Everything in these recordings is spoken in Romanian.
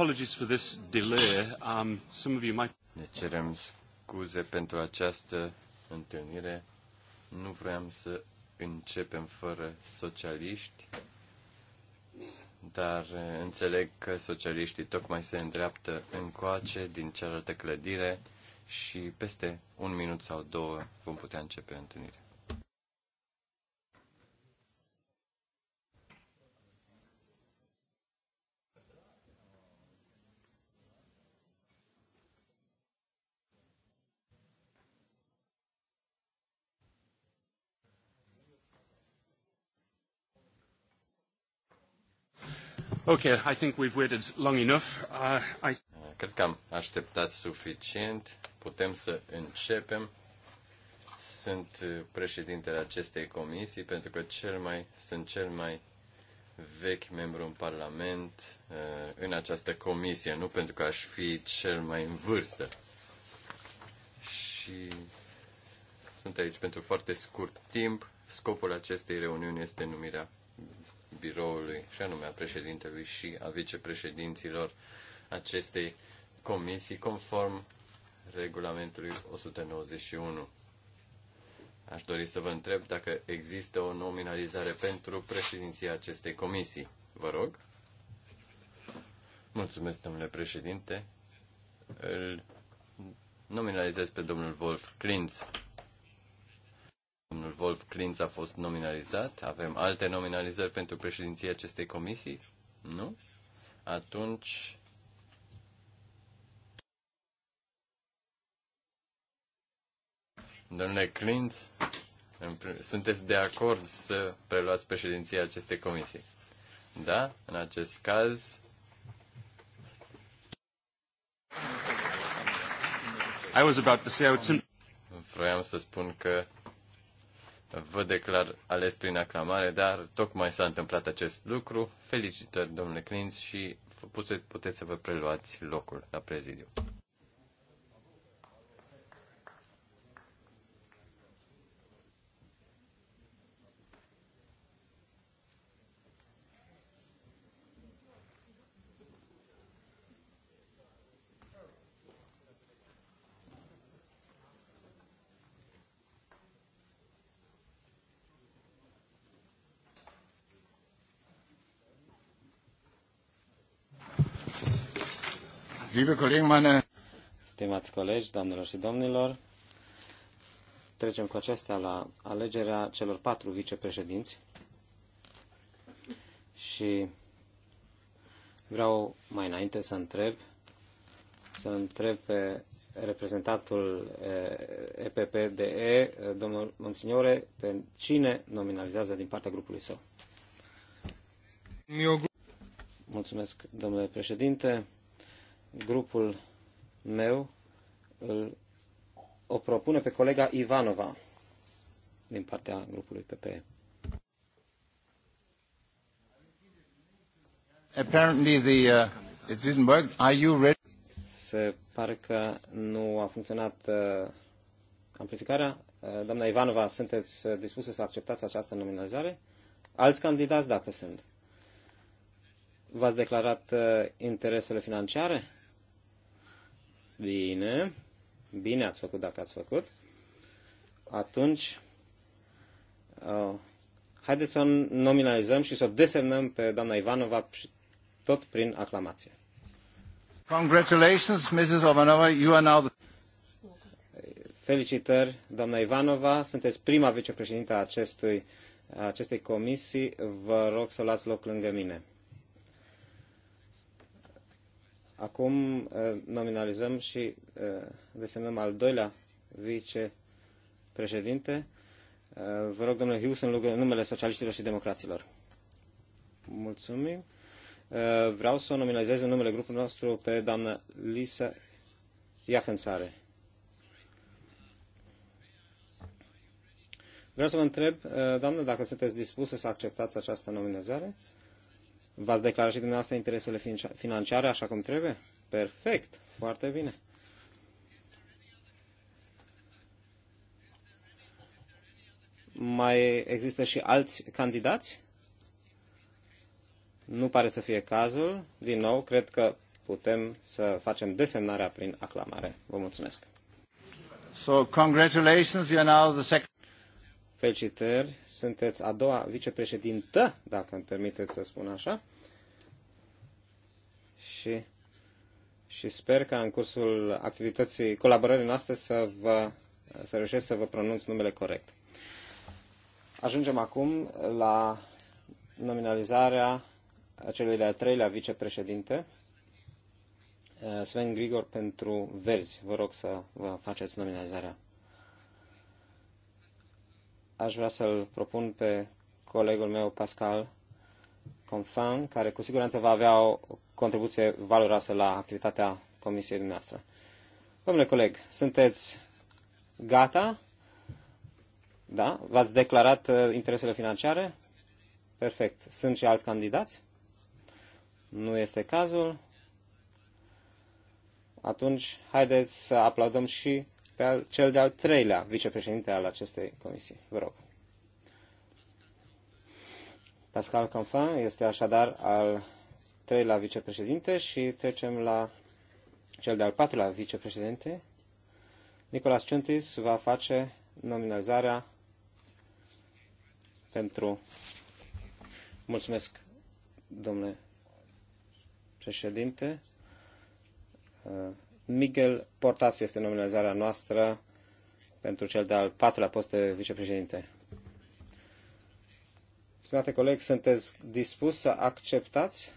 apologies for this delay. Um, some of you might... Ne cerem scuze pentru această întâlnire. Nu vreau să începem fără socialiști, dar eh, înțeleg că socialiștii tocmai se îndreaptă încoace din cealaltă clădire și peste un minut sau două vom putea începe întâlnirea. Ok, I think we've waited long enough. Uh, I... Cred că am așteptat suficient. Putem să începem. Sunt președintele acestei comisii pentru că cel mai, sunt cel mai vechi membru în Parlament uh, în această comisie, nu pentru că aș fi cel mai în vârstă. Și sunt aici pentru foarte scurt timp. Scopul acestei reuniuni este numirea biroului, și anume a președintelui și a vicepreședinților acestei comisii, conform regulamentului 191. Aș dori să vă întreb dacă există o nominalizare pentru președinția acestei comisii. Vă rog. Mulțumesc, domnule președinte. Îl nominalizez pe domnul Wolf Klintz Domnul Wolf Klintz a fost nominalizat. Avem alte nominalizări pentru președinția acestei comisii? Nu? Atunci Domnule Klintz, sunteți de acord să preluați președinția acestei comisii? Da? În acest caz... I was about to say I would Vreau să spun că vă declar ales prin aclamare, dar tocmai s-a întâmplat acest lucru. Felicitări, domnule Clinț, și puteți, puteți să vă preluați locul la prezidiu. Liebe Kollegen, meine... Stimați colegi, doamnelor și domnilor, trecem cu acestea la alegerea celor patru vicepreședinți și vreau mai înainte să întreb, să întreb pe reprezentantul EPPDE, domnul Monsignore, pe cine nominalizează din partea grupului său. Mulțumesc, domnule președinte grupul meu îl, o propune pe colega Ivanova din partea grupului PPE. Apparently the, uh, it didn't work. Are you ready? Se pare că nu a funcționat uh, amplificarea. Uh, doamna Ivanova, sunteți uh, dispusă să acceptați această nominalizare? Alți candidați dacă sunt. V-ați declarat uh, interesele financiare? Bine. Bine ați făcut dacă ați făcut. Atunci, uh, haideți să o nominalizăm și să o desemnăm pe doamna Ivanova tot prin aclamație. Congratulations, Mrs. Ivanova, you are now the... Felicitări, doamna Ivanova, sunteți prima vicepreședinte a acestui, a acestei comisii. Vă rog să luați loc lângă mine. Acum eh, nominalizăm și eh, desemnăm al doilea vicepreședinte. Eh, vă rog, domnule Hughes, în numele socialiștilor și democraților. Mulțumim. Vreau să o nominalizez în numele grupului nostru pe doamna Lisa Iachensare. Vreau să vă întreb, doamnă, dacă sunteți dispusă să acceptați această nominalizare? V-ați declarat și dumneavoastră interesele financiare așa cum trebuie? Perfect, foarte bine. Mai există și alți candidați? Nu pare să fie cazul. Din nou, cred că putem să facem desemnarea prin aclamare. Vă mulțumesc. So, congratulations, we are now the second... Felicitări, sunteți a doua vicepreședintă, dacă îmi permiteți să spun așa. Și, și sper că în cursul activității, colaborării noastre să, vă, să reușesc să vă pronunț numele corect. Ajungem acum la nominalizarea celui de-al treilea vicepreședinte, Sven Grigor pentru Verzi. Vă rog să vă faceți nominalizarea aș vrea să-l propun pe colegul meu, Pascal Confan, care cu siguranță va avea o contribuție valoroasă la activitatea comisiei dumneavoastră. Domnule coleg, sunteți gata? Da? V-ați declarat uh, interesele financiare? Perfect. Sunt și alți candidați? Nu este cazul. Atunci, haideți să aplaudăm și pe al, cel de-al treilea vicepreședinte al acestei comisii. Vă rog. Pascal Canfin este așadar al treilea vicepreședinte și trecem la cel de-al patrulea vicepreședinte. Nicolas Ciuntis va face nominalizarea pentru... Mulțumesc, domnule președinte. Miguel Portas este nominalizarea noastră pentru cel de-al patrulea post de vicepreședinte. Stimate coleg, sunteți dispus să acceptați?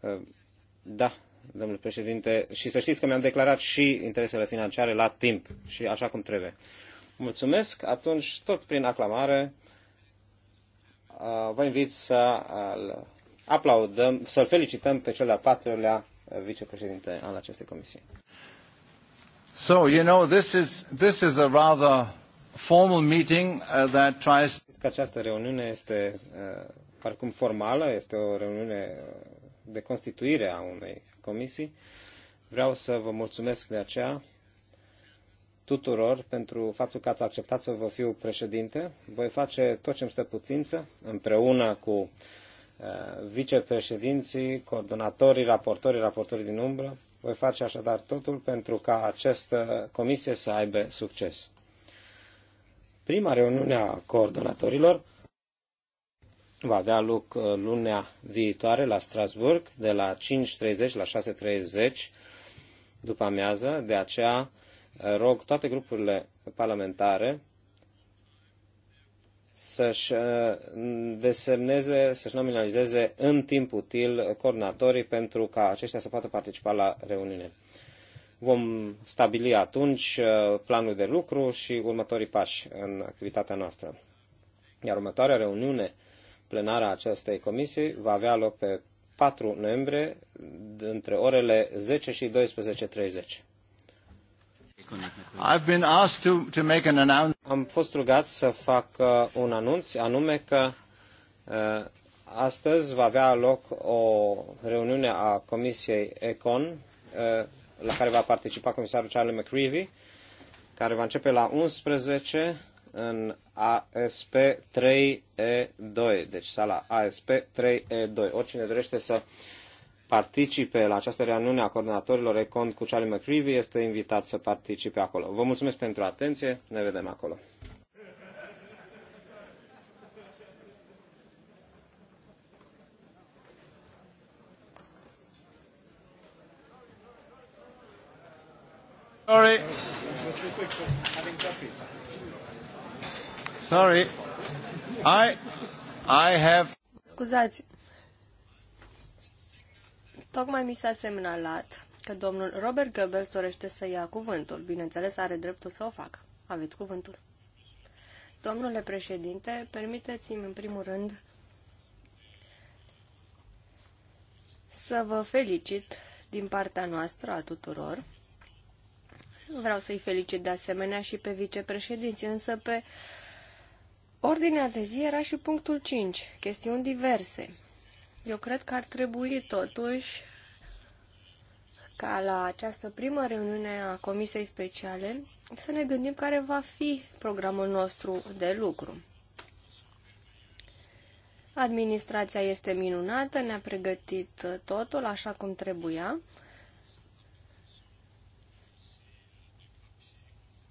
Uh, da, domnule președinte, și să știți că mi-am declarat și interesele financiare la timp și așa cum trebuie. Mulțumesc, atunci tot prin aclamare uh, vă invit să uh, aplaudăm, să-l felicităm pe cel de-al patrulea uh, vicepreședinte al acestei comisii. So, you know, this is, this is a rather formal meeting uh, that tries... Că această reuniune este uh, parcum formală, este o reuniune uh, de constituire a unei comisii. Vreau să vă mulțumesc de aceea tuturor pentru faptul că ați acceptat să vă fiu președinte. Voi face tot ce-mi stă putință, împreună cu Uh, vicepreședinții, coordonatorii, raportorii, raportorii din umbră. Voi face așadar totul pentru ca această comisie să aibă succes. Prima reuniune a coordonatorilor va avea loc uh, lunea viitoare la Strasburg de la 5.30 la 6.30 după amiază. De aceea uh, rog toate grupurile parlamentare să-și uh, desemneze, să-și nominalizeze în timp util coordonatorii pentru ca aceștia să poată participa la reuniune. Vom stabili atunci uh, planul de lucru și următorii pași în activitatea noastră. Iar următoarea reuniune plenară a acestei comisii va avea loc pe 4 noiembrie între orele 10 și 12.30. Am fost rugat să fac uh, un anunț, anume că uh, astăzi va avea loc o reuniune a Comisiei Econ, uh, la care va participa comisarul Charlie McCreevy, care va începe la 11 în ASP 3E2, deci sala ASP 3E2. Oricine dorește să participe la această reuniune a coordonatorilor Econ cu Charlie McCreevy, este invitat să participe acolo. Vă mulțumesc pentru atenție, ne vedem acolo. Sorry. Sorry. I I have Scuzați. Tocmai mi s-a semnalat că domnul Robert Goebbels dorește să ia cuvântul. Bineînțeles, are dreptul să o facă. Aveți cuvântul. Domnule președinte, permiteți-mi în primul rând să vă felicit din partea noastră a tuturor. Vreau să-i felicit de asemenea și pe vicepreședinți, însă pe ordinea de zi era și punctul 5, chestiuni diverse. Eu cred că ar trebui totuși ca la această primă reuniune a Comisiei Speciale să ne gândim care va fi programul nostru de lucru. Administrația este minunată, ne-a pregătit totul așa cum trebuia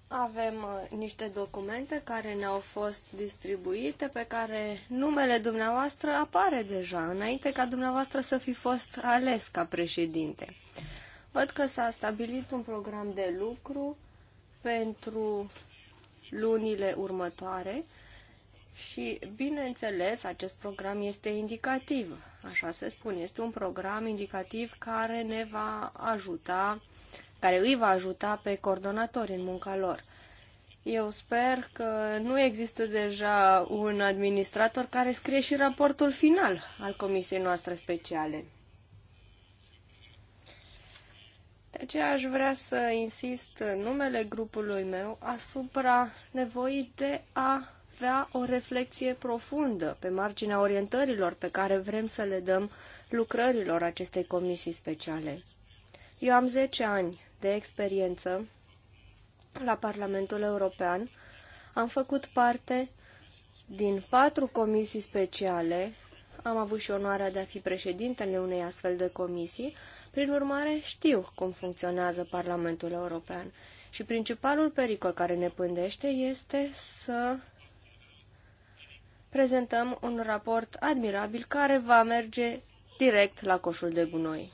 Avem uh, niște documente care ne-au fost distribuite, pe care numele dumneavoastră apare deja, înainte ca dumneavoastră să fi fost ales ca președinte. Văd că s-a stabilit un program de lucru pentru lunile următoare și, bineînțeles, acest program este indicativ, așa se spune. Este un program indicativ care ne va ajuta care îi va ajuta pe coordonatori în munca lor. Eu sper că nu există deja un administrator care scrie și raportul final al comisiei noastre speciale. De aceea aș vrea să insist în numele grupului meu asupra nevoii de a avea o reflexie profundă pe marginea orientărilor pe care vrem să le dăm lucrărilor acestei comisii speciale. Eu am 10 ani de experiență la Parlamentul European, am făcut parte din patru comisii speciale, am avut și onoarea de a fi președintele unei astfel de comisii, prin urmare știu cum funcționează Parlamentul European. Și principalul pericol care ne pândește este să prezentăm un raport admirabil care va merge direct la coșul de gunoi.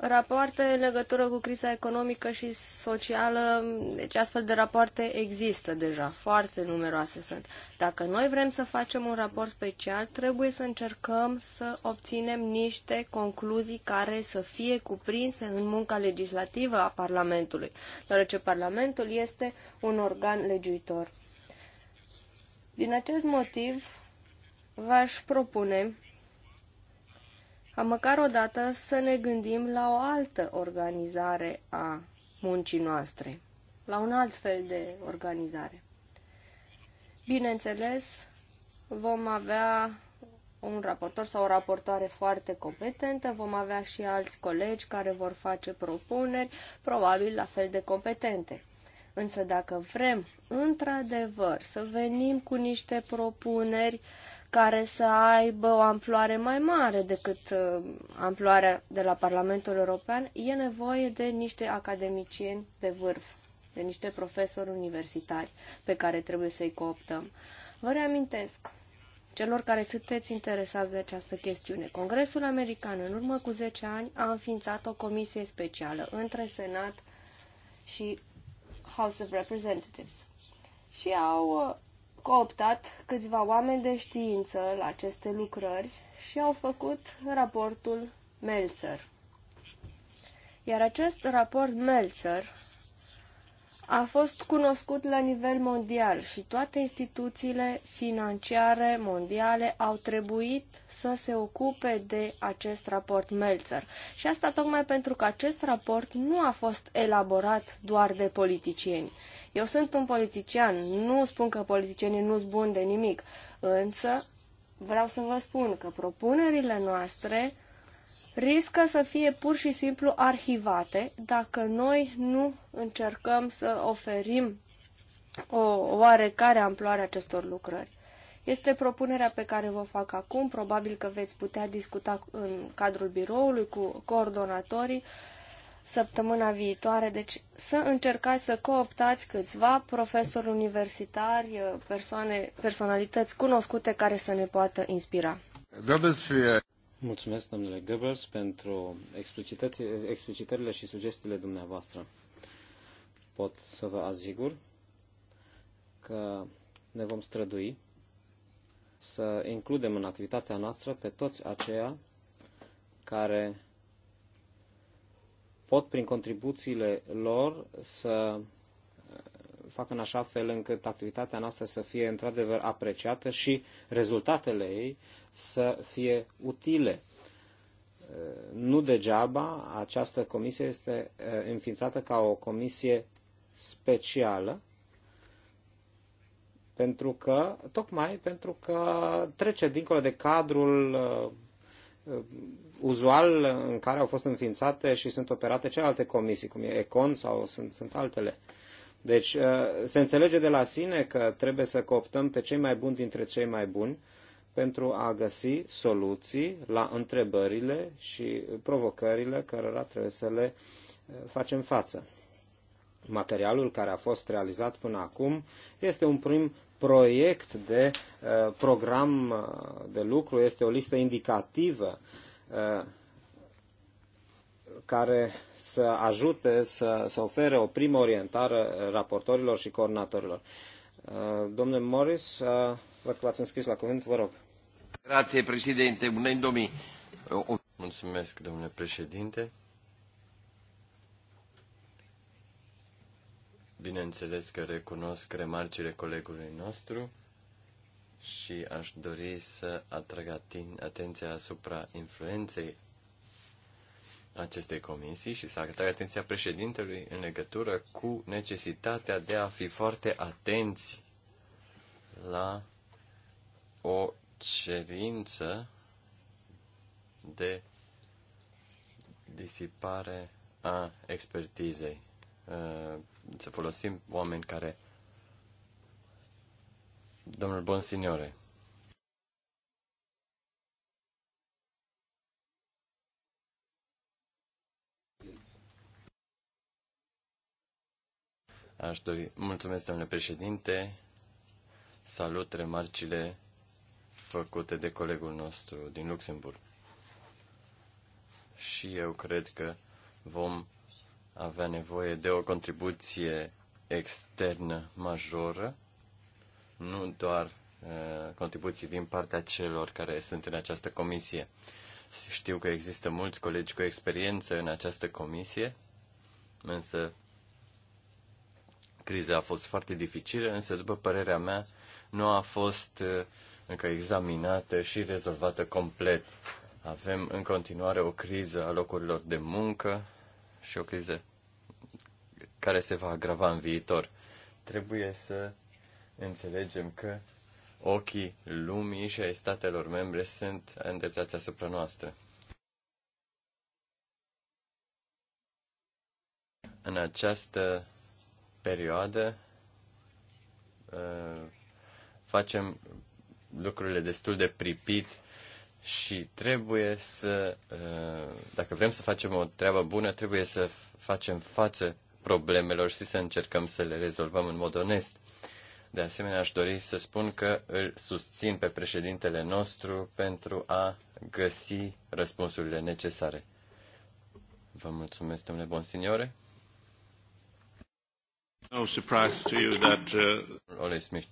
rapoarte în legătură cu criza economică și socială, deci astfel de rapoarte există deja, foarte numeroase sunt. Dacă noi vrem să facem un raport special, trebuie să încercăm să obținem niște concluzii care să fie cuprinse în munca legislativă a Parlamentului, deoarece Parlamentul este un organ legiuitor. Din acest motiv, v-aș propune ca măcar odată să ne gândim la o altă organizare a muncii noastre, la un alt fel de organizare. Bineînțeles, vom avea un raportor sau o raportoare foarte competentă, vom avea și alți colegi care vor face propuneri, probabil la fel de competente. Însă dacă vrem într-adevăr să venim cu niște propuneri uh, care să aibă o amploare mai mare decât uh, amploarea de la Parlamentul European, e nevoie de niște academicieni de vârf, de niște profesori universitari pe care trebuie să-i cooptăm. Vă reamintesc celor care sunteți interesați de această chestiune. Congresul American, în urmă cu 10 ani, a înființat o comisie specială între Senat și House of Representatives și au uh, cooptat câțiva oameni de știință la aceste lucrări și au făcut raportul Meltzer. Iar acest raport Meltzer a fost cunoscut la nivel mondial și toate instituțiile financiare mondiale au trebuit să se ocupe de acest raport Meltzer. Și asta tocmai pentru că acest raport nu a fost elaborat doar de politicieni. Eu sunt un politician, nu spun că politicienii nu sunt buni de nimic, însă vreau să vă spun că propunerile noastre riscă să fie pur și simplu arhivate dacă noi nu încercăm să oferim o oarecare amploare acestor lucrări. Este propunerea pe care vă fac acum, probabil că veți putea discuta în cadrul biroului cu coordonatorii săptămâna viitoare, deci să încercați să cooptați câțiva profesori universitari, persoane, personalități cunoscute care să ne poată inspira. Mulțumesc, domnule Goebbels, pentru explicitările și sugestiile dumneavoastră. Pot să vă asigur că ne vom strădui să includem în activitatea noastră pe toți aceia care pot, prin contribuțiile lor, să fac în așa fel încât activitatea noastră să fie într-adevăr apreciată și rezultatele ei să fie utile. Uh, nu degeaba această comisie este uh, înființată ca o comisie specială pentru că, tocmai pentru că trece dincolo de cadrul uh, uzual în care au fost înființate și sunt operate celelalte comisii, cum e Econ sau sunt, sunt altele. Uh, deci uh, se înțelege de la sine că trebuie să cooptăm pe cei mai buni dintre cei mai buni pentru a găsi soluții la întrebările și provocările cărora trebuie să le uh, facem față. Materialul care a fost realizat până acum este un prim proiect de uh, program de lucru, este o listă indicativă care să ajute să, să ofere o primă orientare raportorilor și coordonatorilor. Uh, domnule Morris, uh, văd că v-ați înscris la cuvânt, vă rog. Grație, președinte. Bună Mulțumesc, domnule președinte. Bineînțeles că recunosc remarcile colegului nostru și aș dori să atrag atenția asupra influenței acestei comisii și să arătare atenția președintelui în legătură cu necesitatea de a fi foarte atenți la o cerință de disipare a expertizei. Uh, să folosim oameni care. Domnul Bonsignore, Aș dori... Mulțumesc, domnule președinte. Salut remarcile făcute de colegul nostru din Luxemburg. Și eu cred că vom avea nevoie de o contribuție externă majoră, nu doar uh, contribuții din partea celor care sunt în această comisie. Știu că există mulți colegi cu experiență în această comisie, însă criza a fost foarte dificilă, însă, după părerea mea, nu a fost uh, încă examinată și rezolvată complet. Avem în continuare o criză a locurilor de muncă și o criză care se va agrava în viitor. Trebuie să înțelegem că ochii lumii și ai statelor membre sunt îndreptați asupra noastră. În această perioadă uh, facem lucrurile destul de pripit și trebuie să, uh, dacă vrem să facem o treabă bună, trebuie să facem față problemelor și să încercăm să le rezolvăm în mod onest. De asemenea, aș dori să spun că îl susțin pe președintele nostru pentru a găsi răspunsurile necesare. Vă mulțumesc, domnule Bonsignore. No surprise to you that... Uh... Ole Smith.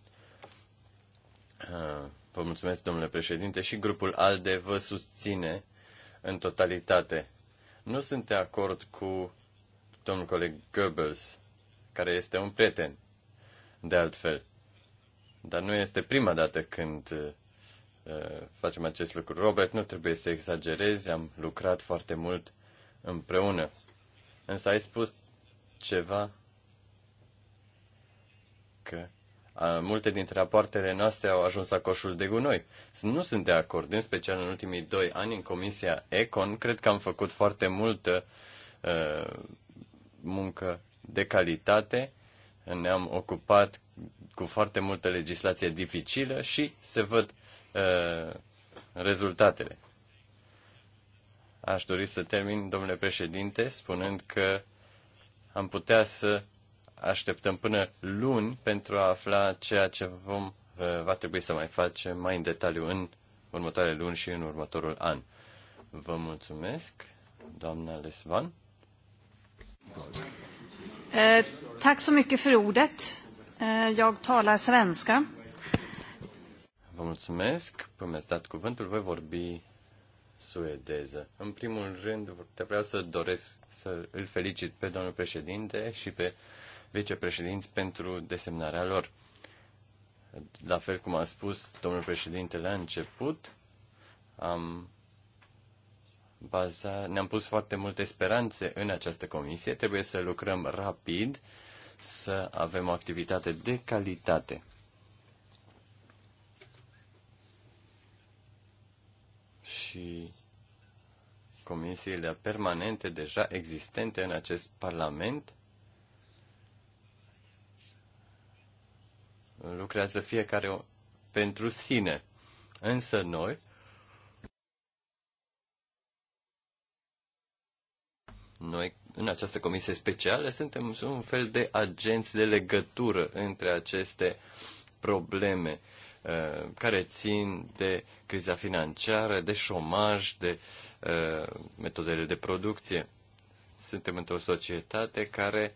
Uh, vă mulțumesc, domnule președinte, și grupul ALDE vă susține în totalitate. Nu sunt de acord cu domnul coleg Goebbels, care este un prieten, de altfel. Dar nu este prima dată când uh, facem acest lucru. Robert, nu trebuie să exagerezi, am lucrat foarte mult împreună. Însă ai spus ceva că multe dintre rapoartele noastre au ajuns la coșul de gunoi. Nu sunt de acord, în special în ultimii doi ani în Comisia Econ, cred că am făcut foarte multă uh, muncă de calitate, ne-am ocupat cu foarte multă legislație dificilă și se văd uh, rezultatele. Aș dori să termin, domnule președinte, spunând că am putea să așteptăm până luni pentru a afla ceea ce vom, eh, va trebui să mai facem mai în detaliu în următoarele luni și în următorul an. Vă mulțumesc, doamna Lesvan. Eh, tack så mycket för ordet. Eh, jag talar svenska. Vă mulțumesc, că mi-ați dat cuvântul, voi vorbi suedeză. În primul rând, te vreau să doresc să îl felicit pe domnul președinte și pe uh, vicepreședinți pentru desemnarea lor. La fel cum a spus domnul președinte la început, am baza, ne-am pus foarte multe speranțe în această comisie. Trebuie să lucrăm rapid, să avem o activitate de calitate. Și comisiile permanente deja existente în acest Parlament lucrează fiecare pentru sine. Însă noi noi în această comisie specială suntem un fel de agenți de legătură între aceste probleme uh, care țin de criza financiară, de șomaj, de uh, metodele de producție. Suntem într-o societate care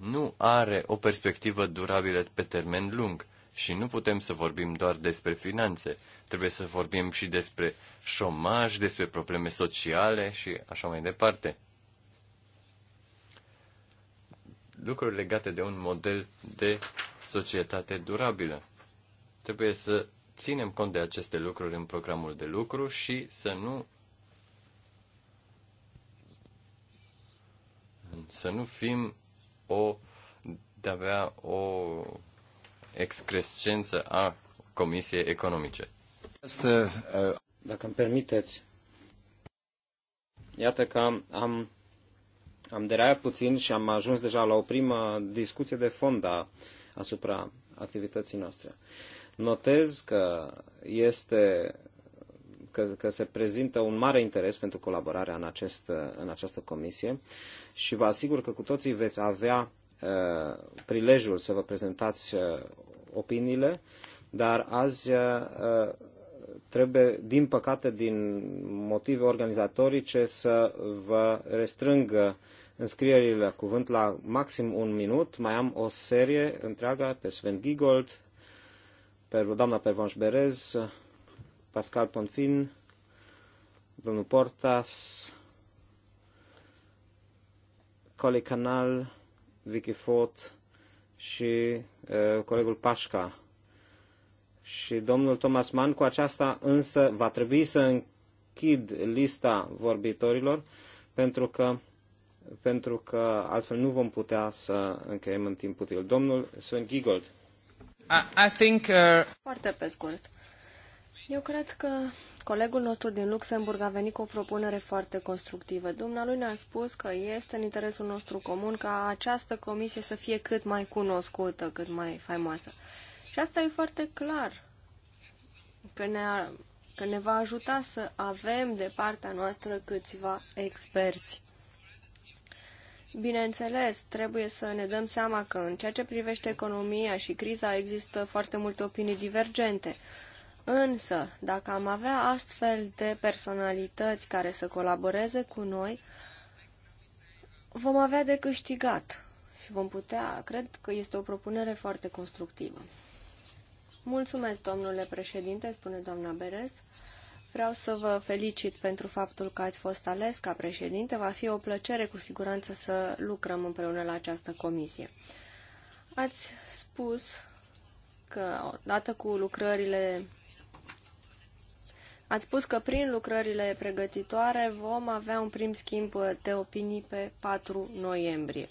nu are o perspectivă durabilă pe termen lung și nu putem să vorbim doar despre finanțe. Trebuie să vorbim și despre șomaj, despre probleme sociale și așa mai departe. Lucruri legate de un model de societate durabilă. Trebuie să ținem cont de aceste lucruri în programul de lucru și să nu să nu fim o, de a avea o excrescență a Comisiei Economice. Uh, dacă îmi permiteți, iată că am, am, am deraiat puțin și am ajuns deja la o primă discuție de fond a, asupra activității noastre. Notez că este că, că se prezintă un mare interes pentru colaborarea în, acest, în această comisie și vă asigur că cu toții veți avea uh, prilejul să vă prezentați uh, opiniile, dar azi uh, trebuie, din păcate, din motive organizatorice, să vă restrângă înscrierile la cuvânt la maxim un minut. Mai am o serie întreagă pe Sven Giegold, pe doamna Pervanș Berez, Pascal Ponfin, domnul Portas, Coli Canal, Vicky Fort și uh, colegul Pașca. Și domnul Thomas Mann, cu aceasta însă va trebui să închid lista vorbitorilor, pentru că, pentru că altfel nu vom putea să încheiem în timp util. Domnul Sven Giegold. I, I think, uh... Foarte pe scurt. Eu cred că colegul nostru din Luxemburg a venit cu o propunere foarte constructivă. Dumnealui ne-a spus că este în interesul nostru comun ca această comisie să fie cât mai cunoscută, cât mai faimoasă. Și asta e foarte clar, că ne, că ne va ajuta să avem de partea noastră câțiva experți. Bineînțeles, trebuie să ne dăm seama că în ceea ce privește economia și criza există foarte multe opinii divergente. Însă, dacă am avea astfel de personalități care să colaboreze cu noi, vom avea de câștigat și vom putea, cred că este o propunere foarte constructivă. Mulțumesc, domnule președinte, spune doamna Beres. Vreau să vă felicit pentru faptul că ați fost ales ca președinte. Va fi o plăcere cu siguranță să lucrăm împreună la această comisie. Ați spus că odată cu lucrările Ați spus că prin lucrările pregătitoare vom avea un prim schimb de opinii pe 4 noiembrie.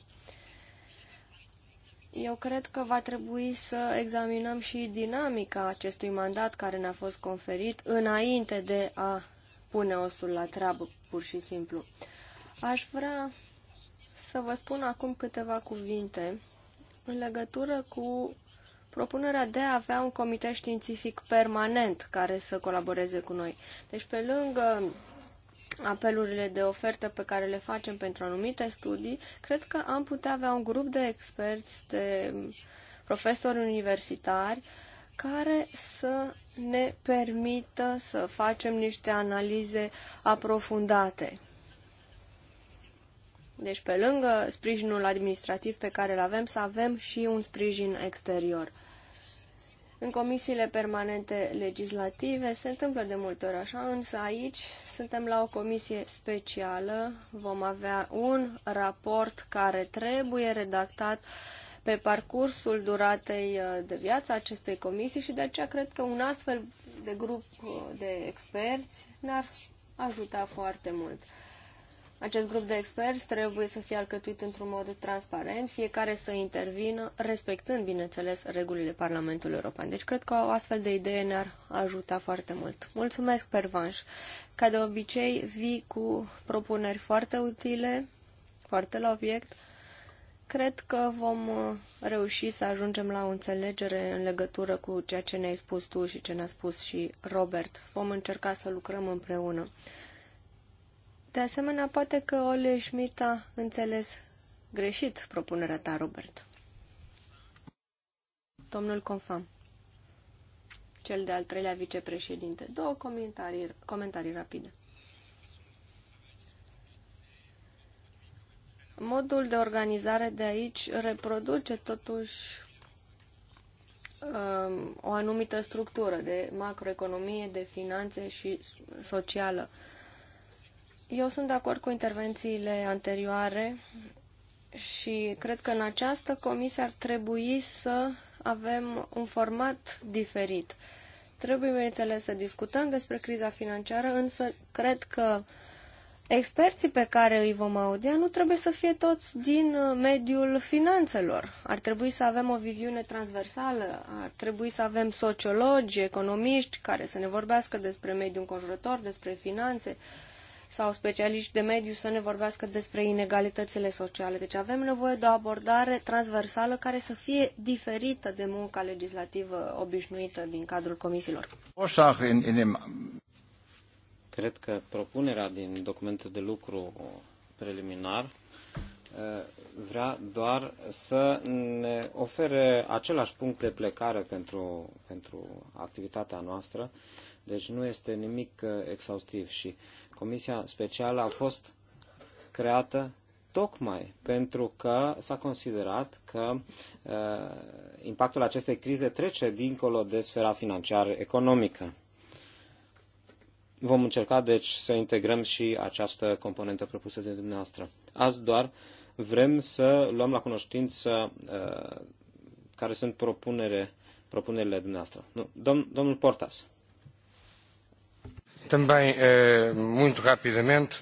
Eu cred că va trebui să examinăm și dinamica acestui mandat care ne-a fost conferit înainte de a pune osul la treabă, pur și simplu. Aș vrea să vă spun acum câteva cuvinte în legătură cu propunerea de a avea un comitet științific permanent care să colaboreze cu noi. Deci, pe lângă apelurile de ofertă pe care le facem pentru anumite studii, cred că am putea avea un grup de experți, de profesori universitari, care să ne permită să facem niște analize aprofundate. Deci, pe lângă sprijinul administrativ pe care îl avem, să avem și un sprijin exterior. În comisiile permanente legislative se întâmplă de multe ori așa, însă aici suntem la o comisie specială. Vom avea un raport care trebuie redactat pe parcursul duratei uh, de viață acestei comisii și de aceea cred că un astfel de grup uh, de experți ne-ar ajuta foarte mult. Acest grup de experți trebuie să fie alcătuit într-un mod transparent, fiecare să intervină, respectând, bineînțeles, regulile Parlamentului European. Deci cred că o astfel de idee ne-ar ajuta foarte mult. Mulțumesc, Pervanș! Ca de obicei, vii cu propuneri foarte utile, foarte la obiect. Cred că vom uh, reuși să ajungem la o înțelegere în legătură cu ceea ce ne-ai spus tu și ce ne-a spus și Robert. Vom încerca să lucrăm împreună. De asemenea, poate că Ole Schmidt a înțeles greșit propunerea ta, Robert. Domnul Confam, cel de-al treilea vicepreședinte. Două comentarii, comentarii rapide. Modul de organizare de aici reproduce totuși um, o anumită structură de macroeconomie, de finanțe și socială. Uh, eu sunt de acord cu intervențiile anterioare și cred că în această comisie ar trebui să avem un format diferit. Trebuie, bineînțeles, să discutăm despre criza financiară, însă cred că experții pe care îi vom audia nu trebuie să fie toți din uh, mediul finanțelor. Ar trebui să avem o viziune transversală, ar trebui să avem sociologi, economiști care să ne vorbească despre mediul înconjurător, despre finanțe, sau specialiști de mediu să ne vorbească despre inegalitățile sociale. Deci avem nevoie de o abordare transversală care să fie diferită de munca legislativă obișnuită din cadrul comisiilor. Cred că propunerea din documentul de lucru preliminar vrea doar să ne ofere același punct de plecare pentru, pentru activitatea noastră deci nu este nimic uh, exhaustiv și Comisia Specială a fost creată tocmai pentru că s-a considerat că uh, impactul acestei crize trece dincolo de sfera financiară economică Vom încerca, deci, să integrăm și această componentă propusă de dumneavoastră. Azi doar vrem să luăm la cunoștință uh, care sunt propunere, propunerile dumneavoastră. Nu, dom- domnul Portas. Também, eh, muito rapidamente,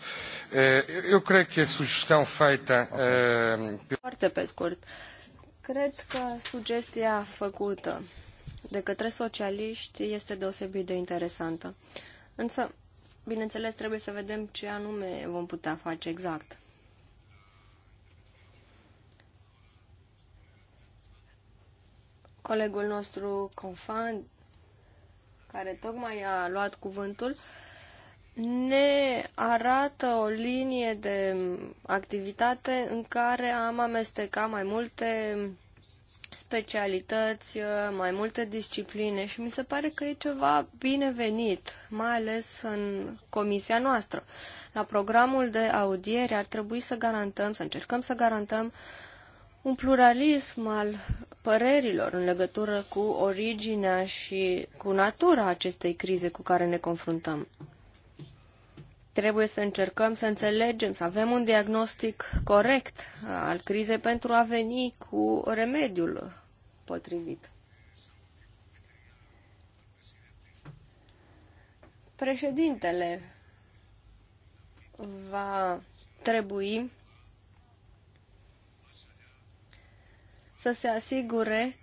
eh, eu creio que a sugestão feita... Eh, Foarte Cred că sugestia făcută de către socialiști este deosebit de interesantă. Însă, bineînțeles, trebuie să vedem ce anume vom putea face exact. Colegul nostru, Confant care tocmai a luat cuvântul, ne arată o linie de activitate în care am amestecat mai multe specialități, mai multe discipline și mi se pare că e ceva binevenit, mai ales în comisia noastră. La programul de audiere ar trebui să garantăm, să încercăm să garantăm un pluralism al părerilor în legătură cu originea și cu natura acestei crize cu care ne confruntăm. Trebuie să încercăm să înțelegem, să avem un diagnostic corect uh, al crizei pentru a veni cu remediul potrivit. Președintele va trebui să se asigure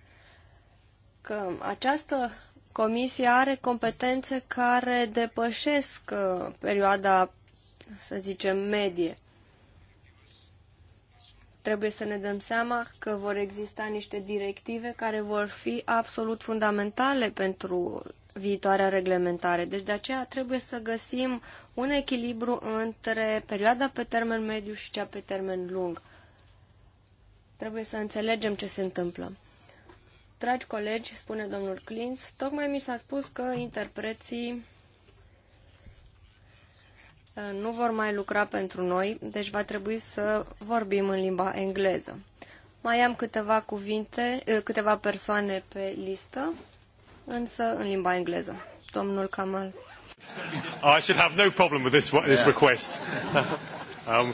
că această comisie are competențe care depășesc uh, perioada, să zicem, medie. Trebuie să ne dăm seama că vor exista niște directive care vor fi absolut fundamentale pentru viitoarea reglementare. Deci de aceea trebuie să găsim un echilibru între perioada pe termen mediu și cea pe termen lung. Trebuie să înțelegem ce se întâmplă. Dragi colegi, spune domnul Clins, tocmai mi s-a spus că interpreții uh, nu vor mai lucra pentru noi, deci va trebui să vorbim în limba engleză. Mai am câteva cuvinte, uh, câteva persoane pe listă, însă în limba engleză. Domnul Kamal. Oh, I should have no problem with this, this request. um,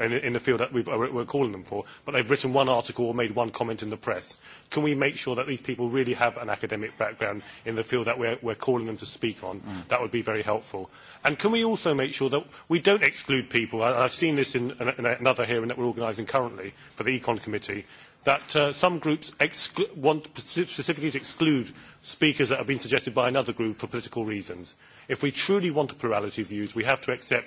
in, in the field that we've, uh, we're calling them for, but they've written one article or made one comment in the press. Can we make sure that these people really have an academic background in the field that we're, we're calling them to speak on? Mm. That would be very helpful. And can we also make sure that we don't exclude people, I, I've seen this in, in another hearing that we're organising currently for the Econ Committee, that uh, some groups want specifically to exclude speakers that have been suggested by another group for political reasons. If we truly want a plurality of views, we have to accept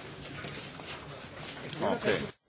Okay.